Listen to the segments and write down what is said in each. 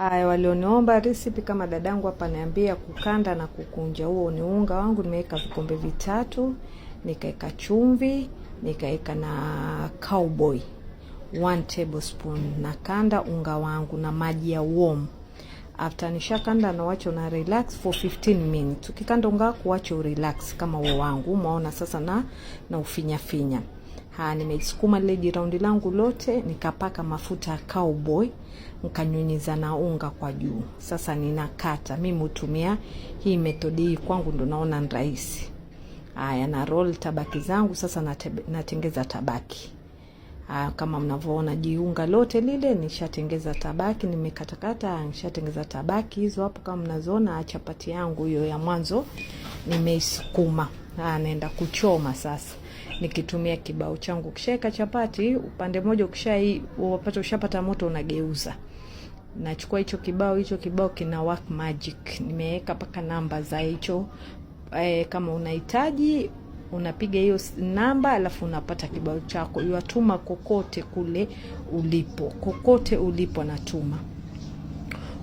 Aya, walioniomba recipe kama dadangu hapa niambia kukanda na kukunja. Huo ni unga wangu, nimeweka vikombe vitatu, nikaweka chumvi, nikaweka na cowboy 1 tablespoon. Nakanda unga wangu na maji ya warm. After kanda na wacho na relax for 15 minutes. Ukikanda unga wako wacho relax kama huo wangu. Umeona sasa na na ufinya finya. Ha, nimesukuma lile jiraundi langu lote nikapaka mafuta ya cowboy nkanyunyiza na unga kwa juu. Sasa ninakata mimi, hutumia hii metodi hii, kwangu ndo naona ni rahisi. Haya, na roll tabaki zangu sasa, natengeza tabaki. Haya, kama mnavyoona jiunga lote lile nishatengeza tabaki, nimekatakata nishatengeza tabaki hizo hapo, kama mnazoona. Chapati yangu hiyo ya mwanzo nimeisukuma, naenda kuchoma sasa nikitumia kibao changu. Ukishaweka chapati upande mmoja, ukishapata ushapata moto, unageuza nachukua hicho kibao. Hicho kibao kina work magic, nimeweka mpaka namba za hicho e, kama unahitaji unapiga hiyo namba alafu unapata kibao chako, yuatuma kokote kule ulipo, kokote ulipo natuma.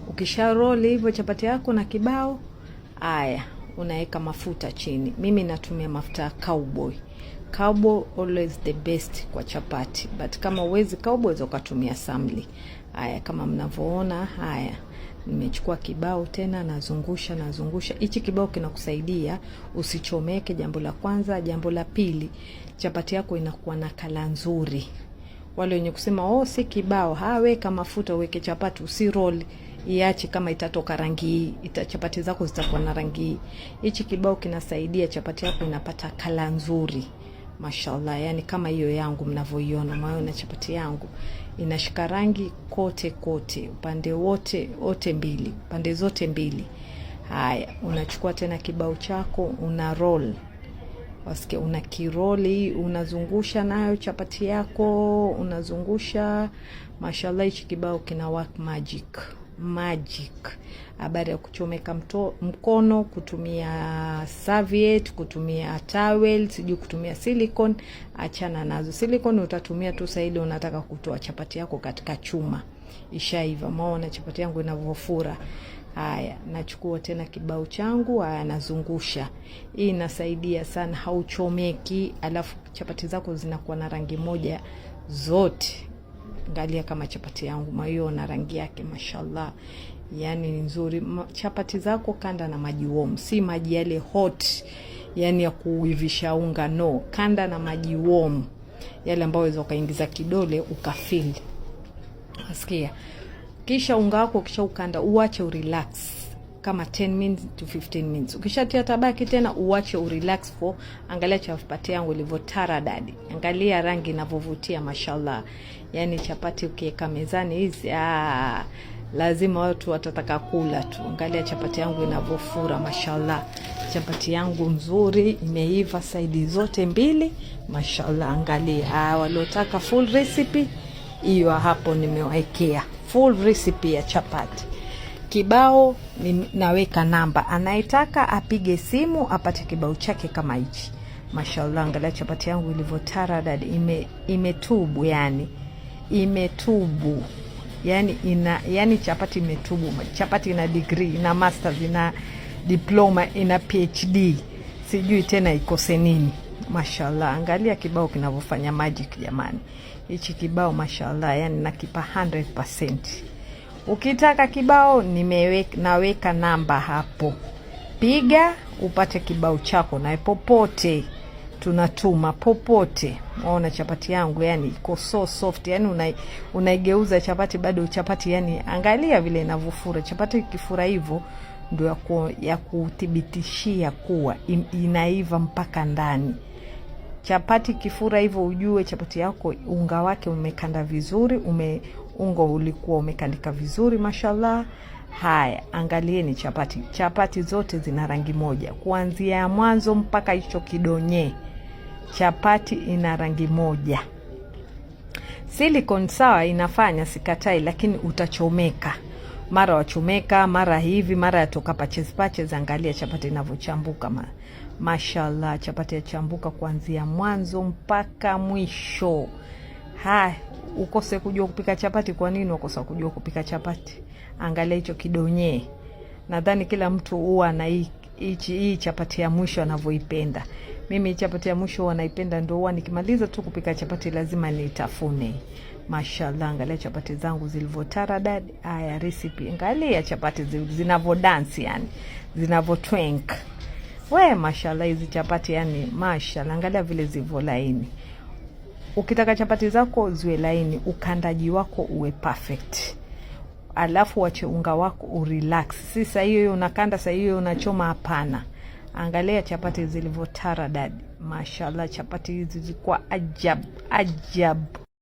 Ukisha roli hivyo chapati yako na kibao, aya, unaweka mafuta chini. Mimi natumia mafuta ya cowboy kabo always the best kwa chapati, but kama uwezi kabo weza ukatumia samli. Haya, kama mnavyoona, haya nimechukua kibao tena, nazungusha nazungusha. Hichi kibao kinakusaidia usichomeke, jambo la kwanza. Jambo la pili, chapati yako inakuwa na kala nzuri. Wale wenye kusema oh, si kibao, haweka mafuta, uweke chapati, usiroli iache kama itatoka rangi hii ita, chapati zako zitakuwa na rangi hii. Hichi kibao kinasaidia chapati yako inapata kala nzuri. Mashallah, yani kama hiyo yangu mnavyoiona, mayo na chapati yangu inashika rangi kote kote, upande wote wote mbili, pande zote mbili. Haya, unachukua tena kibao chako una roll wasikia, una kiroli, unazungusha nayo chapati yako unazungusha. Mashallah, hichi kibao kina work magic magic, habari ya kuchomeka mto, mkono kutumia serviette, kutumia towel, sijui kutumia silicon achana nazo. silicon utatumia tu saidi unataka kutoa chapati yako katika chuma, ishaiva. Maona chapati yangu inavyofura. Haya, nachukua tena kibao changu, haya nazungusha. Hii inasaidia sana, hauchomeki, alafu chapati zako zinakuwa na rangi moja zote. Angalia kama chapati yangu maiyo na rangi yake, mashallah, yani ni nzuri. Chapati zako kanda na maji warm, si maji yale hot, yani ya kuivisha unga, no, kanda na maji warm yale ambayo aweza ukaingiza kidole ukafili, nasikia. Kisha unga wako kisha ukanda, uache urelax kama 10 minutes to 15 minutes. Ukishatia tabaki tena uache urelax for. Angalia chapati yangu ilivyotara dadi, angalia rangi inavyovutia mashallah. Yani chapati ukiweka mezani hizi ah, lazima watu watataka kula tu. Angalia chapati yangu inavyofura mashallah, chapati yangu nzuri imeiva saidi zote mbili mashallah. Angalia ah, waliotaka full recipe hiyo hapo nimewaekea full recipe ya chapati kibao naweka namba, anayetaka apige simu apate kibao chake kama hichi. Mashallah, angalia chapati yangu ilivyotara imetubu ime imetubu yani, imetubu yani, ina yani chapati imetubu. Chapati ina degree, ina masters, ina diploma, ina PhD, sijui tena ikose nini. Mashallah, angalia kibao kinavyofanya magic jamani, hichi kibao mashallah, yani nakipa 100%. Ukitaka kibao nimeweka, naweka namba hapo, piga upate kibao chako, na popote tunatuma popote. Unaona chapati yangu yani iko so soft, yani unaigeuza chapati bado chapati, yani angalia vile inavyofura chapati. Ikifura hivyo ndio ya, ku, ya kuthibitishia kuwa inaiva mpaka ndani. Chapati kifura hivyo, ujue chapati yako unga wake umekanda vizuri ume Ungo ulikuwa umekandika vizuri, mashallah. Haya, angalieni chapati. Chapati zote zina rangi moja, kuanzia ya mwanzo mpaka hicho kidonye. Chapati ina rangi moja. silicon sawa, inafanya sikatai, lakini utachomeka mara wachomeka mara hivi mara yatoka pachezi paches. Angalia chapati inavyochambuka ma. Mashallah, chapati yachambuka kuanzia mwanzo mpaka mwisho. Haya, ukose kujua kupika chapati? Kwa nini ukosa kujua kupika chapati? Angalia hicho kidonyee. Nadhani kila mtu huwa na hii chapati ya mwisho anavyoipenda. Mimi chapati ya mwisho wanaipenda naipenda, ndio huwa nikimaliza tu kupika chapati lazima nitafune Mashallah, angalia chapati zangu zilivyotara dadi. Haya, recipe, angalia chapati zinavyodansi, yani zinavyotwenk. We, mashallah hizi chapati yani, mashallah, angalia vile zivyo laini. Ukitaka chapati zako ziwe laini, ukandaji wako uwe perfect, alafu wache unga wako urelax. Si saa hiyo unakanda, saa hiyo unachoma, hapana. Angalia chapati zilivyotara dadi, mashallah, chapati hizi zilikuwa ajabu ajabu.